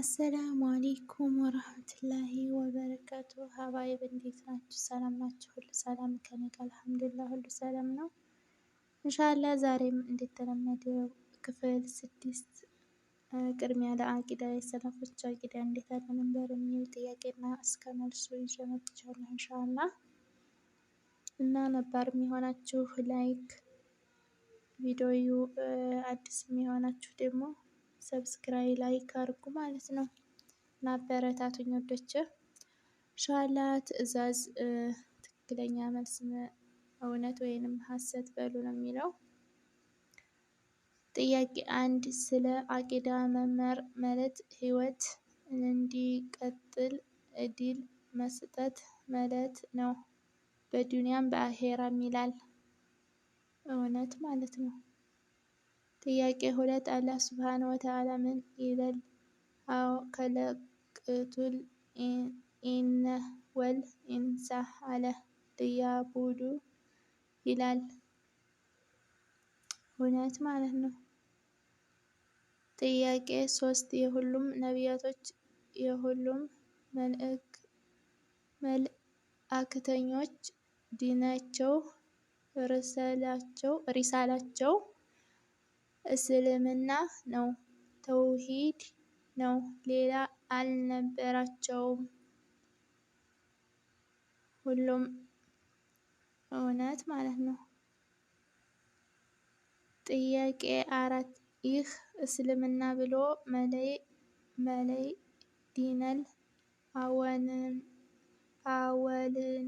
አሰላሙ አሌይኩም ወረህመቱላሂ ወበረካቱ። ሀባይብ እንዴት ናችሁ? ሰላም ናችሁ? ሁሉ ሰላም ከኔ ጋር አልሐምዱሊላህ ሁሉ ሰላም ነው። እንሻላ ዛሬም እንደተለመደው ክፍል ስድስት ቅድሚያ ለአቂዳ የሰለፎች አቂዳ እንዴት አለ ነበር የሚል ጥያቄና እስከ መልሱ ይዤ መጥቻለሁ እንሻላ እና ነባር የሆናችሁ ላይክ ቪዲዮ አዲስ የሆናችሁ ደግሞ ሰብስክራይ ላይክ አድርጉ ማለት ነው። ማበረታቱኝ ወዶች ሻላ ትዕዛዝ ትክክለኛ መልስ እውነት ወይንም ሀሰት በሉ ነው የሚለው። ጥያቄ አንድ ስለ አቂዳ መመር ማለት ህይወት እንዲቀጥል እድል መስጠት ማለት ነው። በዱንያም በአሄራም ይላል እውነት ማለት ነው። ጥያቄ ሁለት አላህ ስብሃነ ወተዓላ ምን ይላል? አዎ ከለቅቱል ኢነ ወል ኢንሳ አለ ሊያቡዱ ይላል። እውነት ማለት ነው። ጥያቄ ሶስት የሁሉም ነቢያቶች የሁሉም መልአክተኞች ዲናቸው ሪሳላቸው እስልምና ነው፣ ተውሂድ ነው፣ ሌላ አልነበራቸውም። ሁሉም እውነት ማለት ነው። ጥያቄ አራት ይህ እስልምና ብሎ መለይ መለይ ዲነል አወልን አወልን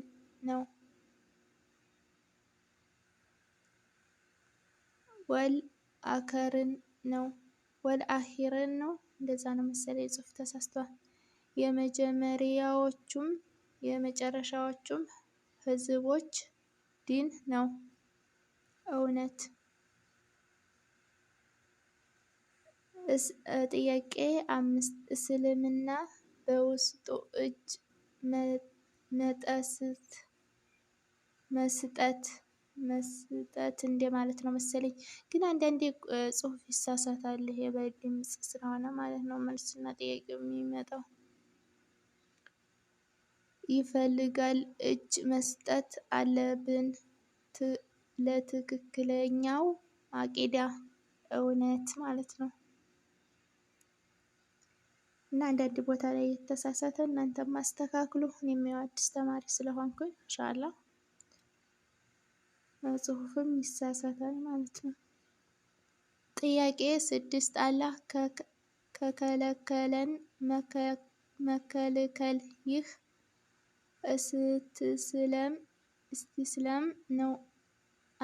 ነው ወል አከርን ነው ወል ወልአሂርን ነው እንደዛ ነው መሰለ የጽሁፍ ተሳስቷል። የመጀመሪያዎቹም የመጨረሻዎቹም ህዝቦች ዲን ነው እውነት። ጥያቄ አምስት እስልምና በውስጡ እጅ መጠስት መስጠት መስጠት እንደማለት ነው መሰለኝ። ግን አንዳንዴ ጽሁፍ ይሳሳታል ይሄ በድምጽ ስለሆነ ማለት ነው መልስና ጥያቄ የሚመጣው። ይፈልጋል እጅ መስጠት አለብን። ለትክክለኛው አቂዳ እውነት ማለት ነው። እና አንዳንድ ቦታ ላይ የተሳሳተ እናንተም አስተካክሉ። እኔም ያው አዲስ ተማሪ ስለሆንኩኝ ሻላ። ጽሁፍም ይሳሳታል ማለት ነው። ጥያቄ ስድስት አላህ ከከለከለን መከልከል ይህ እስትስለም ነው።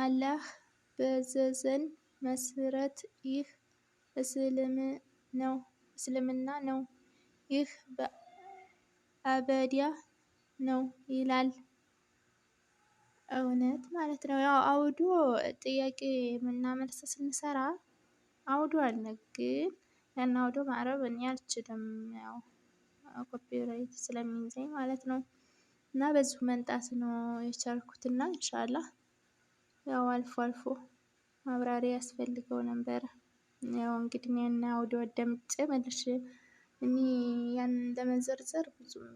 አላህ በዘዘን መሰረት ይህ እስልምና ነው። ይህ በአበዲያ ነው ይላል። እውነት ማለት ነው። ያው አውዲዮ ጥያቄ ምናመልስ ስንሰራ አውዲዮ አለ ግን ያን አውዶ ማረብ እኔ አልችልም ያው ኮፒራይት ስለሚይዘኝ ማለት ነው። እና በዚሁ መንጣት ነው የቻልኩትና እንሻላ ያው አልፎ አልፎ ማብራሪ ያስፈልገው ነበረ። ያው እንግዲህ ያን አውዶ አዳምጬ መልሽ እኔ ያን ለመዘርዘር ብዙም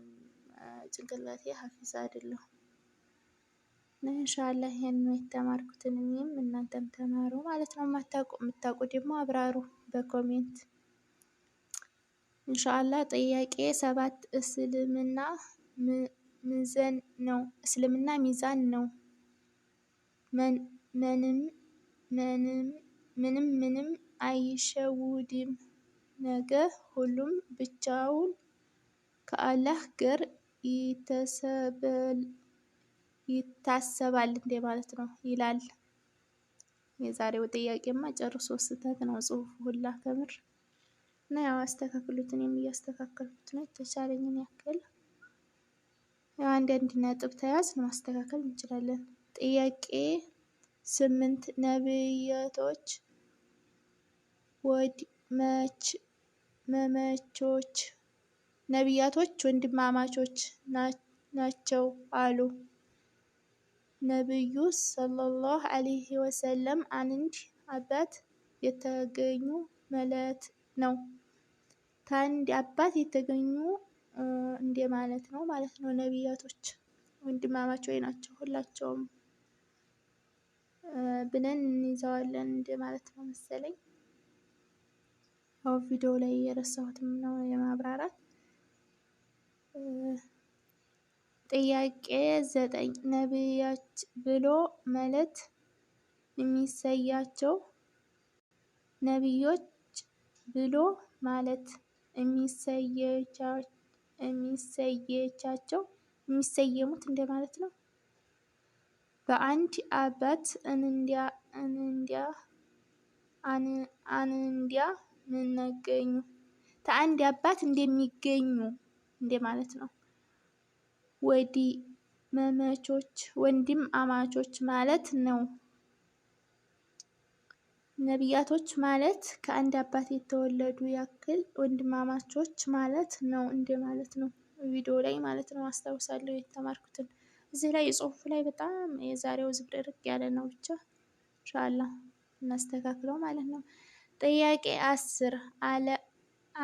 ጭንቅላቴ ሀፊዝ አይደለሁም ኢንሻአላህ ይሄን የተማርኩትን እኔም እናንተም ተማሩ ማለት ነው። የማታውቁ የምታውቁ ደግሞ አብራሩ በኮሜንት እንሻላ። ጥያቄ ሰባት እስልምና ምዘን ነው እስልምና ሚዛን ነው። ምንም ምንም ምንም ምንም አይሸውድም። ነገ ሁሉም ብቻውን ከአላህ ጋር ይተሰበል ይታሰባል እንዴ ማለት ነው ይላል። የዛሬው ጥያቄማ ጨርሶ ስህተት ነው ጽሁፉ ሁላ ከምር እና ያው አስተካክሉትን የሚያስተካከሉት ነው የተቻለኝን ያክል ያው አንዳንድ ነጥብ ተያዝ ማስተካከል እንችላለን። ጥያቄ ስምንት ነብያቶች መች መመቾች ነቢያቶች ወንድማማቾች ናቸው አሉ። ነቢዩ ሰለላሁ ዐለይሂ ወሰለም አንድ አባት የተገኙ መለት ነው። ከአንድ አባት የተገኙ እንደ ማለት ነው ማለት ነው። ነቢያቶች ወይ ናቸው ሁላቸውም ብለን እንይዘዋለን እንደ ማለት ነው መሰለኝ። ያው ቪዲዮ ላይ የረሳሁትም ነው የማብራራት ጥያቄ ዘጠኝ ነብያች ብሎ መለት የሚሰያቸው ነብዮች ብሎ ማለት የሚሰየቻቸው የሚሰየሙት እንደ ማለት ነው። በአንድ አባት አንንዲያ ምነገኙ ከአንድ አባት እንደሚገኙ እንደ ማለት ነው። መመቾች ወንድም አማቾች ማለት ነው። ነቢያቶች ማለት ከአንድ አባት የተወለዱ ያክል ወንድማማቾች ማለት ነው እንደ ማለት ነው። ቪዲዮ ላይ ማለት ነው አስታውሳለሁ የተማርኩትን። እዚህ ላይ የጽሁፉ ላይ በጣም የዛሬው ዝብደርቅ ያለ ነው። ብቻ ሻላ እናስተካክለው ማለት ነው። ጥያቄ አስር አለ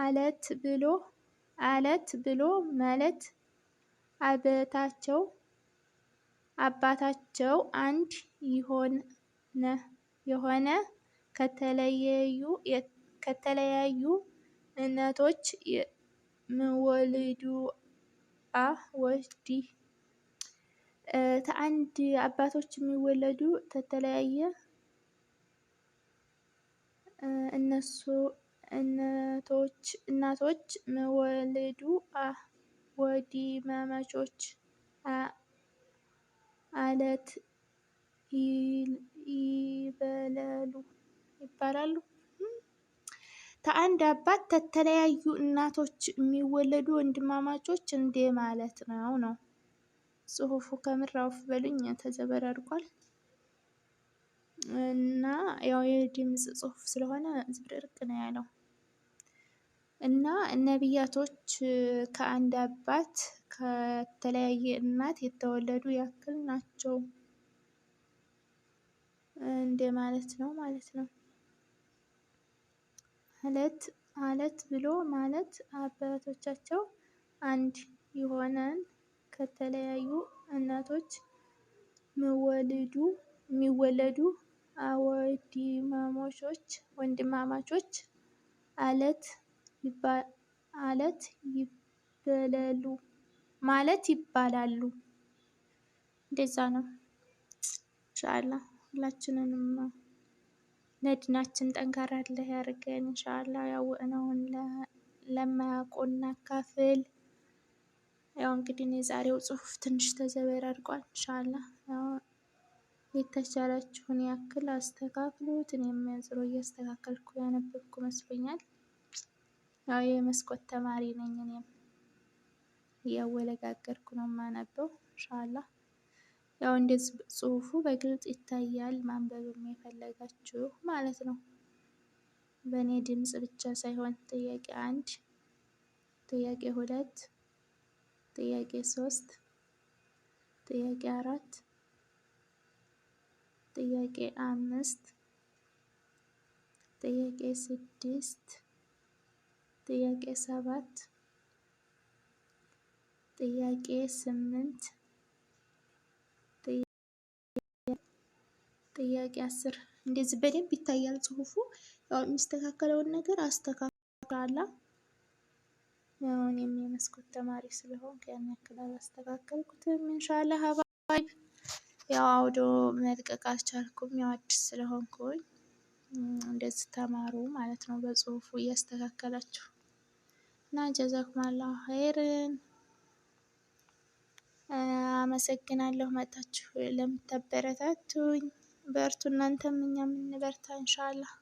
አለት ብሎ አለት ብሎ ማለት አበታቸው አባታቸው አንድ የሆነ ከተለያዩ እምነቶች ምወልዱአ ወዲ ተአንድ አባቶች የሚወለዱ ተተለያየ እነሱ እናቶች ምወልዱአ ወዲማማቾች አለት ይበላሉ ይባላሉ። ከአንድ አባት ከተለያዩ እናቶች የሚወለዱ ወንድማማቾች እንዴ ማለት ነው ነው። ጽሁፉ ከምር አውፍ በሉኝ ተዘበራርቋል። እና ያው የድምፅ ጽሁፍ ስለሆነ ዝብርቅርቅ ነው ያለው። እና ነቢያቶች ከአንድ አባት ከተለያየ እናት የተወለዱ ያክል ናቸው እንደ ማለት ነው ማለት ነው። አለት አለት ብሎ ማለት አባቶቻቸው አንድ የሆነን ከተለያዩ እናቶች ሚወልዱ ሚወለዱ አወዲማሞሾች ወንድማማቾች አለት አለት ይበለሉ ማለት ይባላሉ። እንደዛ ነው። እንሻላ ሁላችንንም ነድናችን ጠንካራ አላህ ያድርገን። ኢንሻአላህ ያወቅነውን ለማያውቁ ካፍል ያው እንግዲህ የዛሬው ጽሁፍ ትንሽ ተዘበራርቋል። ኢንሻአላህ ያው የተቻላችሁን ያክል አስተካክሉት። እኔም ዞሮ እያስተካከልኩ ያነበብኩ መስሎኛል። አዎ የመስኮት ተማሪ ነኝ እኔም እያወለጋገድኩ ነው የማነበው ኢንሻአላህ። ያው እንደዚህ ጽሁፉ በግልጽ ይታያል ማንበብም የፈለጋችሁ ማለት ነው። በእኔ ድምጽ ብቻ ሳይሆን ጥያቄ አንድ ጥያቄ ሁለት ጥያቄ ሶስት ጥያቄ አራት ጥያቄ አምስት ጥያቄ ስድስት ጥያቄ ሰባት ጥያቄ ስምንት ጥያቄ አስር እንደዚህ በደንብ ይታያል ጽሁፉ። ያው የሚስተካከለውን ነገር አስተካክላላ። ያውን የሚመስኩት ተማሪ ስለሆን ያን ያክል አላስተካከልኩትም። ኢንሻላ ሀባይብ ያው አውዶ መልቀቅ አልቻልኩም። ያው አዲስ ስለሆንኩኝ እንደዚህ ተማሩ ማለት ነው። በጽሁፉ እያስተካከላችሁ እና ጀዛኩማላ ኸይርን አመሰግናለሁ። መጣችሁ ለምታበረታቱኝ በርቱ። እናንተም እኛም እንበርታ ኢንሻአላህ።